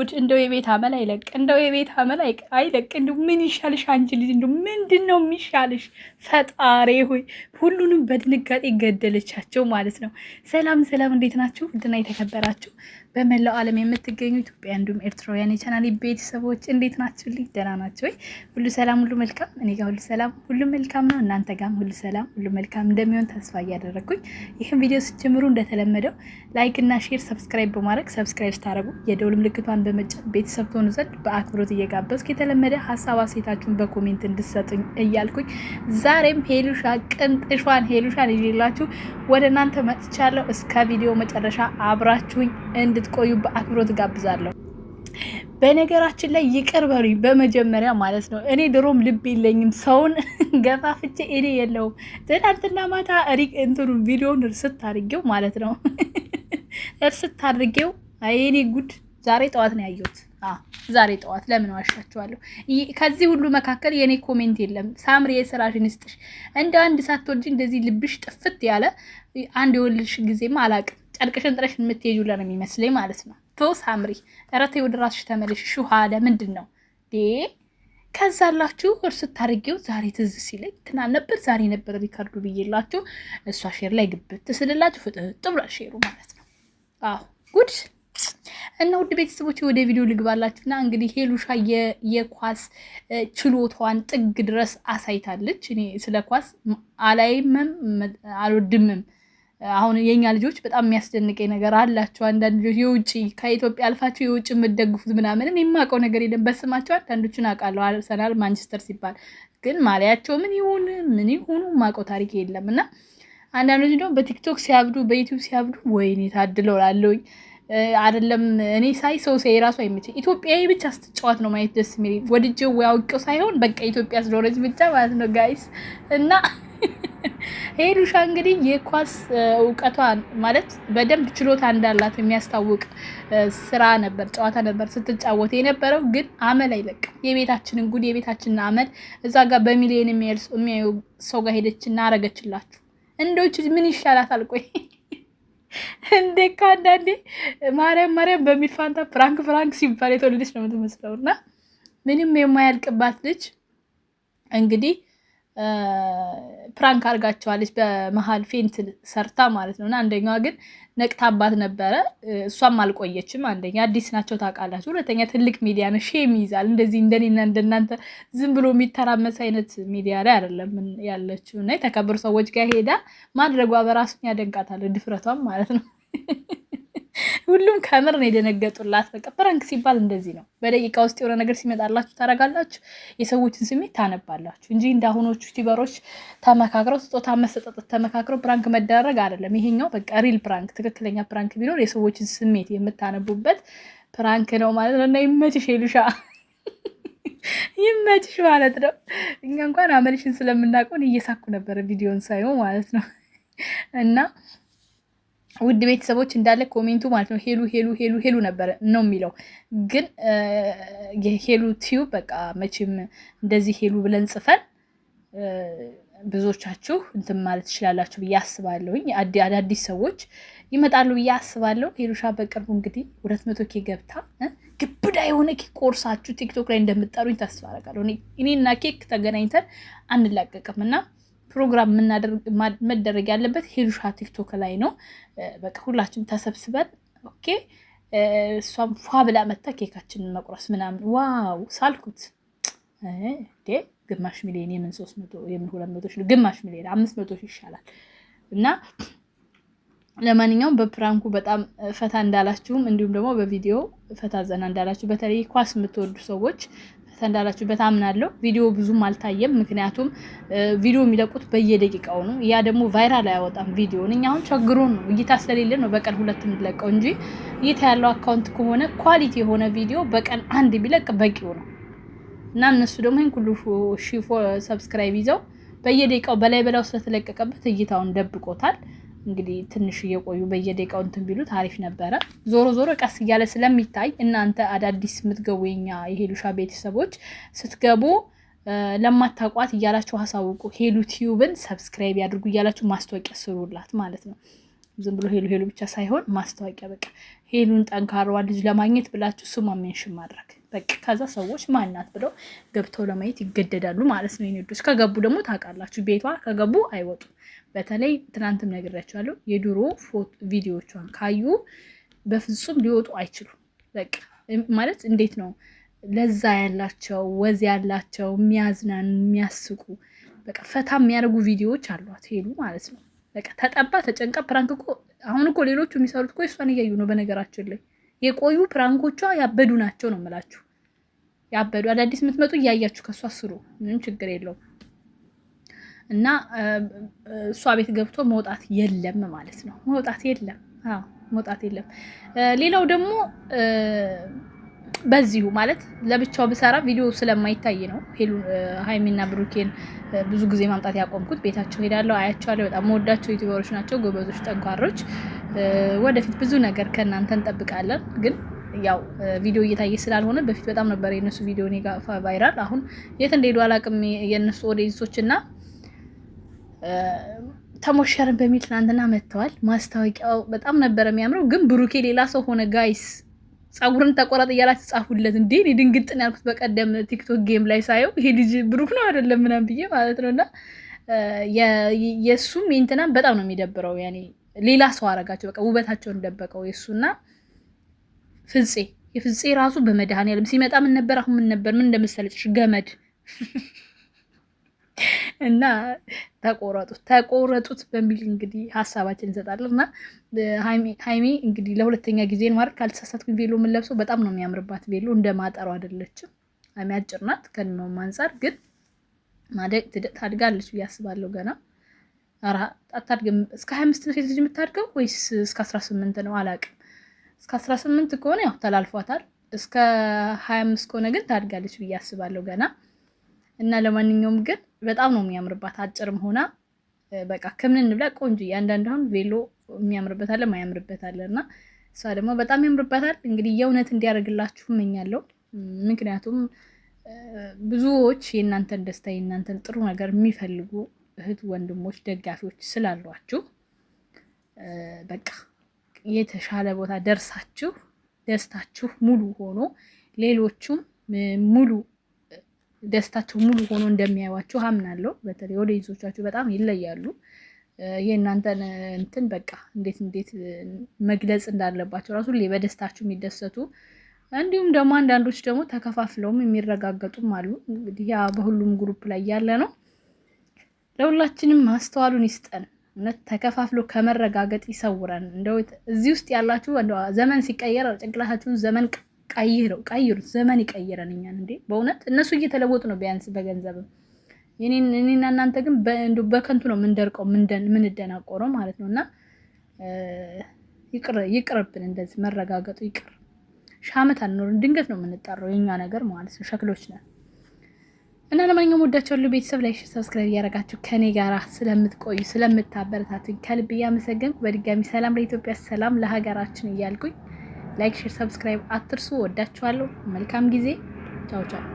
ጉድ እንደው የቤት አመል አይለቅ፣ እንደው የቤት አመል አይለቅ። እንደው ምን ይሻልሽ አንቺ ልጅ፣ እንደው ምንድን ነው የሚሻልሽ? ፈጣሬ ሆይ ሁሉንም በድንጋጤ ገደለቻቸው ማለት ነው። ሰላም ሰላም፣ እንዴት ናችሁ? ውድና የተከበራችሁ በመላው ዓለም የምትገኙ ኢትዮጵያ እንዲሁም ኤርትራውያን የቻናል ቤተሰቦች እንዴት ናችሁልኝ? ደህና ናቸው ወይ? ሁሉ ሰላም፣ ሁሉ መልካም። እኔ ጋር ሁሉ ሰላም፣ ሁሉ መልካም ነው። እናንተ ጋርም ሁሉ ሰላም፣ ሁሉ መልካም እንደሚሆን ተስፋ እያደረግኩኝ ይህም ቪዲዮ ስትጀምሩ እንደተለመደው ላይክ እና ሼር፣ ሰብስክራይብ በማድረግ ሰብስክራይብ ስታደረጉ የደውል ምልክቷን በመጫን ቤተሰብ ትሆኑ ዘንድ በአክብሮት እየጋበዝኩ የተለመደ ሀሳብ አሴታችሁን በኮሜንት እንድሰጡኝ እያልኩኝ ዛሬም ሄሉሻ ቅንጥሿን ሄሉሻን ይዤላችሁ ወደ እናንተ መጥቻለሁ። እስከ ቪዲዮ መጨረሻ አብራችሁኝ እንድ እንድትቆዩ በአክብሮት ጋብዛለሁ። በነገራችን ላይ ይቅር በሉኝ በመጀመሪያ ማለት ነው። እኔ ድሮም ልብ የለኝም ሰውን ገፋፍቼ እኔ የለውም። ትናንትና ማታ ሪቅ እንትኑ ቪዲዮን እርስት አድርጌው ማለት ነው እርስት አድርጌው የኔ ጉድ ዛሬ ጠዋት ነው ያየሁት። ዛሬ ጠዋት ለምን ዋሻችኋለሁ? ከዚህ ሁሉ መካከል የእኔ ኮሜንት የለም። ሳምሪ የስራሽን ይስጥሽ። እንደ አንድ ሳትወልጂ እንደዚህ ልብሽ ጥፍት ያለ አንድ የወልሽ ጊዜማ አላቅም ጨርቅሽን ጥለሽ የምትሄጂው ለእኔ የሚመስለኝ ማለት ነው። ቶ ሳምሪ ረቴ ወደ ራስሽ ተመለሽ። ሹሃደ ምንድን ነው ከዛላችሁ እርስ ታርጌው ዛሬ ትዝ ሲለኝ ትናንት ነበር ዛሬ ነበር ሪከርዱ ብዬላችሁ፣ እሷ ሼር ላይ ግብት ስልላችሁ ፍጥጥ ብሏል ሼሩ ማለት ነው። አዎ ጉድ እና ውድ ቤተሰቦች ወደ ቪዲዮ ልግባላችሁና እንግዲህ ሄሉሻ የኳስ ችሎታዋን ጥግ ድረስ አሳይታለች። እኔ ስለ ኳስ አላይምም አልወድምም አሁን የኛ ልጆች በጣም የሚያስደንቀኝ ነገር አላቸው። አንዳንድ ልጆች የውጭ ከኢትዮጵያ አልፋቸው የውጭ የምደግፉት ምናምንን የማውቀው ነገር የለም። በስማቸው አንዳንዶቹን አውቃለሁ። አርሰናል፣ ማንቸስተር ሲባል ግን ማሊያቸው ምን ይሁን ምን ይሁኑ የማውቀው ታሪክ የለም እና አንዳንዶች ደግሞ በቲክቶክ ሲያብዱ በዩቲዩብ ሲያብዱ ወይኔ ታድለው ላለውኝ አይደለም እኔ ሳይ ሰው ሳይ ራሱ አይመቸኝ። ኢትዮጵያዊ ብቻ ስትጫወት ነው ማየት ደስ የሚል ወድጄው ወይ አውቄው ሳይሆን በቃ ኢትዮጵያ ስለሆነች ብቻ ማለት ነው ጋይስ እና ሄዱሻ እንግዲህ የኳስ እውቀቷ ማለት በደንብ ችሎታ እንዳላት የሚያስታውቅ ስራ ነበር፣ ጨዋታ ነበር ስትጫወት የነበረው። ግን አመል አይለቅም። የቤታችንን ጉድ የቤታችንን አመል እዛ ጋር በሚሊዮን የሚያዩ ሰው ጋር ሄደች እና አረገችላችሁ። እንደች ምን ይሻላታል? ቆይ እንዴ ካ አንዳንዴ ማርያም ማርያም በሚል ፋንታ ፍራንክ ፍራንክ ሲባል የተወለደች ነው የምትመስለው እና ምንም የማያልቅባት ልጅ እንግዲህ ፕራንክ አድርጋቸዋለች በመሀል ፌንት ሰርታ ማለት ነው። እና አንደኛዋ ግን ነቅታባት ነበረ። እሷም አልቆየችም። አንደኛ አዲስ ናቸው ታውቃላችሁ፣ ሁለተኛ ትልቅ ሚዲያ ነው፣ ሼም ይይዛል። እንደዚህ እንደኔና እንደናንተ ዝም ብሎ የሚተራመስ አይነት ሚዲያ ላይ አይደለም ያለችው እና የተከበሩ ሰዎች ጋር ሄዳ ማድረጓ በራሱን ያደንቃታል፣ ድፍረቷም ማለት ነው። ሁሉም ከምር ነው የደነገጡላት። በቃ ፕራንክ ሲባል እንደዚህ ነው። በደቂቃ ውስጥ የሆነ ነገር ሲመጣላችሁ ታረጋላችሁ፣ የሰዎችን ስሜት ታነባላችሁ እንጂ አሁኖቹ ቲበሮች ተመካክረው ስጦታ መሰጠጠት ተመካክረው ፕራንክ መደረግ አይደለም። ይሄኛው በቃ ሪል ፕራንክ፣ ትክክለኛ ፕራንክ ቢኖር የሰዎችን ስሜት የምታነቡበት ፕራንክ ነው ማለት ነው። እና ይመችሽ ሄሉሻ ይመችሽ ማለት ነው። እኛ እንኳን አመልሽን ስለምናውቀውን እየሳኩ ነበረ ቪዲዮን ሳይሆን ማለት ነው እና ውድ ቤተሰቦች እንዳለ ኮሜንቱ ማለት ነው ሄሉ ሄሉ ሄሉ ሄሉ ነበረ ነው የሚለው። ግን የሄሉ ቲዩብ በቃ መቼም እንደዚህ ሄሉ ብለን ጽፈን ብዙዎቻችሁ እንትን ማለት ትችላላችሁ ብዬ አስባለሁኝ። አዳዲስ ሰዎች ይመጣሉ ብዬ አስባለሁ። ሄሉሻ በቅርቡ እንግዲህ ሁለት መቶ ኬ ገብታ ግብዳ የሆነ ኬክ ቆርሳችሁ ቲክቶክ ላይ እንደምጠሩኝ ተስፋ አደርጋለሁ። እኔና ኬክ ተገናኝተን አንላቀቅም እና ፕሮግራም መደረግ ያለበት ሄዱሻ ቲክቶክ ላይ ነው። በቃ ሁላችንም ተሰብስበን ኦኬ፣ እሷም ፏ ብላ መታ ኬካችንን መቁረስ ምናምን ዋው ሳልኩት። ግማሽ ሚሊዮን የምን ሶስት መቶ የምን ሁለት መቶ ግማሽ ሚሊዮን አምስት መቶ ይሻላል እና ለማንኛውም በፕራንኩ በጣም ፈታ እንዳላችሁም እንዲሁም ደግሞ በቪዲዮ ፈታ ዘና እንዳላችሁ በተለይ ኳስ የምትወዱ ሰዎች እንዳላችሁበት አምናለሁ። ቪዲዮ ብዙም አልታየም፣ ምክንያቱም ቪዲዮ የሚለቁት በየደቂቃው ነው። ያ ደግሞ ቫይራል አያወጣም ቪዲዮን። እኛ አሁን ቸግሮን ነው እይታ ስለሌለ ነው በቀን ሁለት የምንለቀው እንጂ እይታ ያለው አካውንት ከሆነ ኳሊቲ የሆነ ቪዲዮ በቀን አንድ ቢለቅ በቂው ነው እና እነሱ ደግሞ ይህን ሁሉ ሺ ሰብስክራይብ ይዘው በየደቂቃው በላይ በላው ስለተለቀቀበት እይታውን ደብቆታል። እንግዲህ ትንሽ እየቆዩ በየደቂቃው እንትን ቢሉት አሪፍ ነበረ። ዞሮ ዞሮ ቀስ እያለ ስለሚታይ እናንተ አዳዲስ የምትገቡ የኛ የሄሉሻ ቤተሰቦች ስትገቡ ለማታቋት እያላችሁ አሳውቁ። ሄሉ ቲዩብን ሰብስክራይብ ያድርጉ እያላችሁ ማስታወቂያ ስሩላት ማለት ነው። ዝም ብሎ ሄሉ ሄሉ ብቻ ሳይሆን ማስታወቂያ በቃ ሄሉን ጠንካራዋ ልጅ ለማግኘት ብላችሁ ስሟ ሜንሽን ማድረግ በቃ ከዛ ሰዎች ማናት ብለው ገብተው ለማየት ይገደዳሉ ማለት ነው። ኔዶች ከገቡ ደግሞ ታውቃላችሁ፣ ቤቷ ከገቡ አይወጡም። በተለይ ትናንትም ነግሬያቸዋለሁ። የድሮ ቪዲዮቿን ካዩ በፍጹም ሊወጡ አይችሉም። በቃ ማለት እንዴት ነው ለዛ ያላቸው ወዝ ያላቸው የሚያዝናኑ የሚያስቁ በቃ ፈታ የሚያደርጉ ቪዲዮዎች አሏት ሄሉ ማለት ነው። በቃ ተጠባ ተጨንቃ ፕራንክ እኮ አሁን እኮ ሌሎቹ የሚሰሩት እኮ እሷን እያዩ ነው በነገራችን ላይ የቆዩ ፕራንኮቿ ያበዱ ናቸው ነው የምላችሁ። ያበዱ አዳዲስ የምትመጡ እያያችሁ ከእሷ ስሩ፣ ምንም ችግር የለውም። እና እሷ ቤት ገብቶ መውጣት የለም ማለት ነው። መውጣት የለም፣ መውጣት የለም። ሌላው ደግሞ በዚሁ ማለት ለብቻው ብሰራ ቪዲዮ ስለማይታይ ነው። ሀይሚና ብሩኬን ብዙ ጊዜ ማምጣት ያቆምኩት። ቤታቸው ሄዳለሁ፣ አያቸዋለሁ። በጣም መወዳቸው ዩቲዩበሮች ናቸው፣ ጎበዞች፣ ጠንካሮች ወደፊት ብዙ ነገር ከእናንተ እንጠብቃለን። ግን ያው ቪዲዮ እየታየ ስላልሆነ በፊት በጣም ነበር የእነሱ ቪዲዮ ኔጋ ቫይራል። አሁን የት እንደሄዱ አላውቅም። የእነሱ ኦዲየንሶች እና ተሞሸርን በሚል ትናንትና መጥተዋል። ማስታወቂያው በጣም ነበረ የሚያምረው። ግን ብሩኬ ሌላ ሰው ሆነ ጋይስ። ፀጉርን ተቆረጥ እያላችሁ ጻፉለት እንዴ! እኔ ድንግጥን ያልኩት በቀደም ቲክቶክ ጌም ላይ ሳየው ይሄ ልጅ ብሩክ ነው አይደለም ምናምን ብዬ ማለት ነው። እና የእሱም የእንትናም በጣም ነው የሚደብረው ያኔ ሌላ ሰው አረጋቸው። በቃ ውበታቸውን ደበቀው። የእሱና ፍጼ የፍጼ ራሱ በመድኃኒዓለም ሲመጣ ምን ነበር? አሁን ምን ነበር? ምን እንደምሰለጭሽ ገመድ እና ተቆረጡት ተቆረጡት በሚል እንግዲህ ሀሳባችን እንሰጣለን። እና ሀይሜ እንግዲህ ለሁለተኛ ጊዜ ማድረግ ካልተሳሳትኩኝ ቬሎ የምንለብሰው በጣም ነው የሚያምርባት። ቬሎ እንደ ማጠሩ አይደለችም። ሀይሜ አጭር ናት። ከእድሜዋም አንጻር ግን ማደግ ታድጋለች ብዬ አስባለሁ ገና አታድግም። እስከ ሀያ አምስት ነው ሴት ልጅ የምታድገው ወይስ እስከ አስራ ስምንት ነው? አላውቅም። እስከ አስራ ስምንት ከሆነ ያው ተላልፏታል። እስከ ሀያ አምስት ከሆነ ግን ታድጋለች ብዬ አስባለሁ ገና እና ለማንኛውም ግን በጣም ነው የሚያምርባት አጭርም ሆና በቃ ከምን እንብላ ቆንጆ እያንዳንድ አሁን ቬሎ የሚያምርበታለ ማያምርበታለ እና እሷ ደግሞ በጣም ያምርበታል። እንግዲህ የእውነት እንዲያደርግላችሁ እመኛለሁ። ምክንያቱም ብዙዎች የእናንተን ደስታ የእናንተን ጥሩ ነገር የሚፈልጉ እህት ወንድሞች፣ ደጋፊዎች ስላሏችሁ በቃ የተሻለ ቦታ ደርሳችሁ ደስታችሁ ሙሉ ሆኖ ሌሎቹም ሙሉ ደስታቸው ሙሉ ሆኖ እንደሚያዩዋችሁ አምናለሁ። በተለይ ወደ ይዞቻችሁ በጣም ይለያሉ። የእናንተን እንትን በቃ እንዴት እንዴት መግለጽ እንዳለባቸው ራሱ ሁሌ በደስታችሁ የሚደሰቱ እንዲሁም ደግሞ አንዳንዶች ደግሞ ተከፋፍለውም የሚረጋገጡም አሉ። እንግዲህ ያ በሁሉም ግሩፕ ላይ ያለ ነው። ለሁላችንም ማስተዋሉን ይስጠን። እውነት ተከፋፍሎ ከመረጋገጥ ይሰውረን። እንደው እዚህ ውስጥ ያላችሁ ዘመን ሲቀየር ጭንቅላታችሁን ዘመን ቀይረው ቀይሩት። ዘመን ይቀይረን እኛን እንዴ! በእውነት እነሱ እየተለወጡ ነው፣ ቢያንስ በገንዘብም እኔና እናንተ ግን በከንቱ ነው የምንደርቀው ምንደናቆረው ማለት ነው። እና ይቅርብን፣ እንደዚህ መረጋገጡ ይቅር። ሺህ ዓመት አንኖርን፣ ድንገት ነው የምንጠራው። የኛ ነገር ማለት ነው፣ ሸክሎች ነን። እና ለማንኛውም ወዳችኋለሁ ቤተሰብ ላይ ሰብስክራይብ እያደረጋችሁ ከኔ ጋር ስለምትቆዩ ስለምታበረታቱኝ ከልብ እያመሰገንኩ በድጋሚ ሰላም ለኢትዮጵያ፣ ሰላም ለሀገራችን እያልኩኝ ላይክ፣ ሼር፣ ሰብስክራይብ አትርሱ። ወዳችኋለሁ። መልካም ጊዜ። ቻው ቻው።